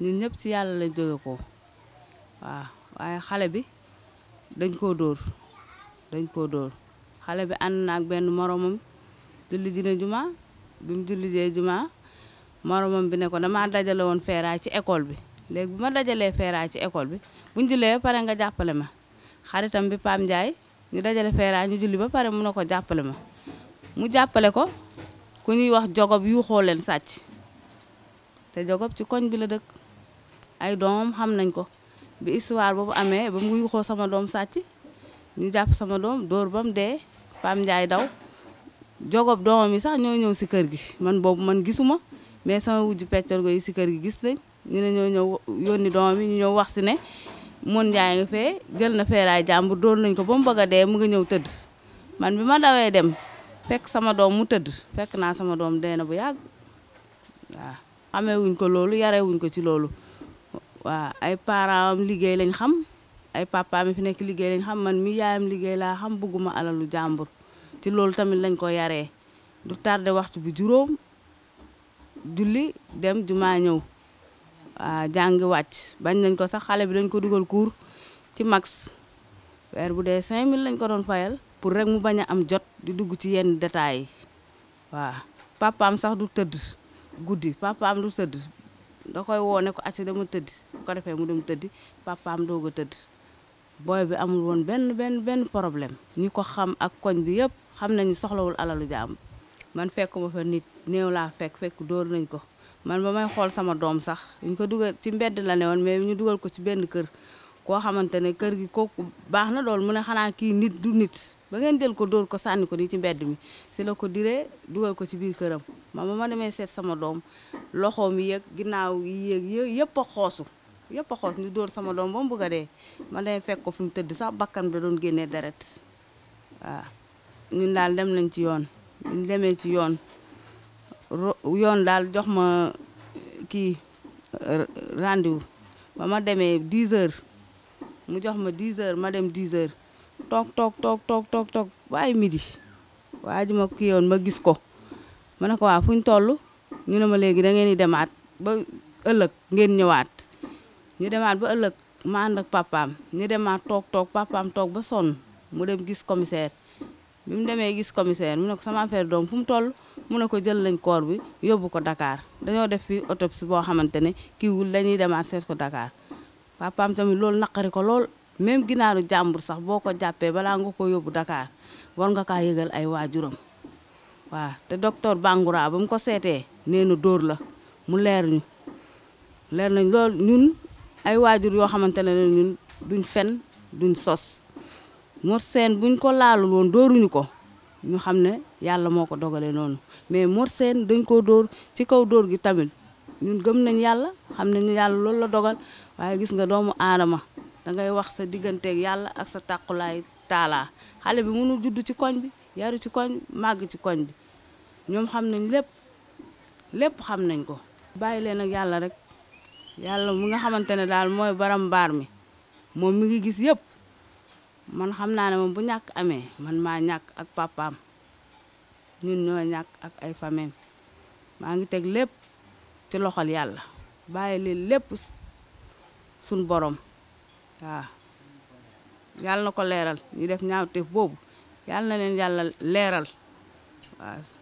ñun ñëpp ci yàlla lañ jóge ko waaw waaye xale bi dañ koo dóor dañ koo dóor xale bi ànd na benn moromam julli ji na juma bi mu julli jee juma moromam bi ne ko damaa dajale woon feeraay ci école bi léegi bu ma dajalee feeraay ci école bi buñ jullee ba pare nga jàppale ma xaritam bi Pam njaay ñu dajale feeraay ñu julli ba pare mun na ko jàppale ma mu jàppale ko ku ñuy wax jogob yu leen sàcc te jogob ci koñ bi la dëkk ay doomam xam nañ ko bi histoire bu amee ba mu yuuxoo sama doom sàcc ñu jàpp sama doom dóor ba mu dee Pam Ndiaye daw jogob doomam yi sax ñoo ñëw si kër gi man boobu man gisuma mais sama wujju peccorgo yi si kër gi gis nañ ñu ne ñëw yónni doomam yi ñu ñëw wax si ne mun Ndiaye nga fee jël na feeraay jàmbur dóor nañ ko ba mu bëgg a dee mu nga ñëw tëdd man bi ma dawee dem fekk sama doom mu tëdd fekk naa sama doom dee na bu yàgg waaw amee wuñ ko loolu yaree wuñ ko ci loolu wa ay parents am liggéey lañ xam ay papa mi fi nekk liggéey lañ xam man mi yaayam liggéey laa xam bëgguma alalu jàmbur ci loolu tamit lañ ko yaree du tardé waxtu bi juróom julli dem jumaa ñëw waaw jàngi wàcc bañ nañ ko sax xale bi dañ ko dugal cour ci max weer bu dee 5000 lañ ko doon fayal pour rek mu bañ am jot di dugg ci yenn détails yi waaw papaam sax du tëdd guddi papaam du tëdd da koy woo ne ko acca dama tëdd bu ko defee mu dem tëdd papaam doo a tëdd booy bi amul woon benn benn benn problème ñi ko xam ak koñ bi yëpp xam nañu soxlawul alalu jaam man fekkuma fa nit néew laa fekk fekk dóor nañ ko man ba may xool sama doom sax ñu ko dugal ci mbedd la ne woon mais ñu dugal ko ci benn kër koo xamante ne kër gi kooku baax na lool mu ne xanaa kii nit du nit ba ngeen jël ko dóor ko sànni ko nii ci mbedd mi si la ko diree dugal ko ci biir këram ma ma demee seet sama doom loxoom yeeg ginnaaw yeeg yëpp a xoosu yëpp a xoos ñu dóor sama doom ba mu bëgg a dee man dañ fekk ko fi mu tëdd sax bakkan da doon génnee deret waaw ñun daal dem nañ ci yoon ñu demee ci yoon yoon daal jox ma kii rendez-vous ba ma demee 10 heures mu jox ma 10 heures ma dem 10 heures toog toog toog toog toog toog ba ay midi waa ma kii yoon ma gis ko ma ne waa fu ñu toll ñu ne ma léegi da ngeen di demaat ba ëllëg ngeen ñëwaat ñu demaat ba ëllëg ma ànd ak papaam ñu demaat toog toog papaam toog ba sonn mu dem gis commissaire bi mu demee gis commissaire mu ne ko sama affaire doom fu mu toll mu ne ko jël lañ corps bi yóbbu ko dakaar dañoo def fi autopsie boo xamante ne kii wul la ñuy demaat seet ko Dakar papaam tamit loolu naqari ko lool même ginaaru jàmbur sax boo ko jàppee balaa nga ko yóbbu dakaar war nga kaa yëgal ay waajuram waaw te docteur Bangoura ba mu ko seetee nee na dóor la mu leer ñu leer nañ lool ñun ay waajur yoo xamante ne ñun duñ fen duñ sos Mor Sène buñ ko laalul woon dóoruñu ko ñu xam ne yàlla moo ko dogalee noonu mais Mor Sène dañ koo dóor ci kaw dóor gi tamit ñun gëm nañ yàlla xam nañ yàlla loolu la dogal waaye gis nga doomu aadama da ngay wax sa digganteeg yàlla ak sa tàqulaay taalaa xale bi mënul judd ci koñ bi yaru ci koñ màgg ci koñ bi ñoom xam nañ lépp lépp xam nañ ko. bàyyi leen ak yàlla rek yàlla mu nga xamante ne daal mooy baram mbaar mi moom mi ngi gis yépp man xam naa ne moom bu ñàkk amee man maa ñàkk ak papaam ñun ñoo ñàkk ak ay famem maa ngi teg lépp ci loxol yàlla bàyyi leen lépp sun borom waaw yàlla na ko leeral ñu def ñaawteef boobu. yàlla na leen yàlla leeral waaw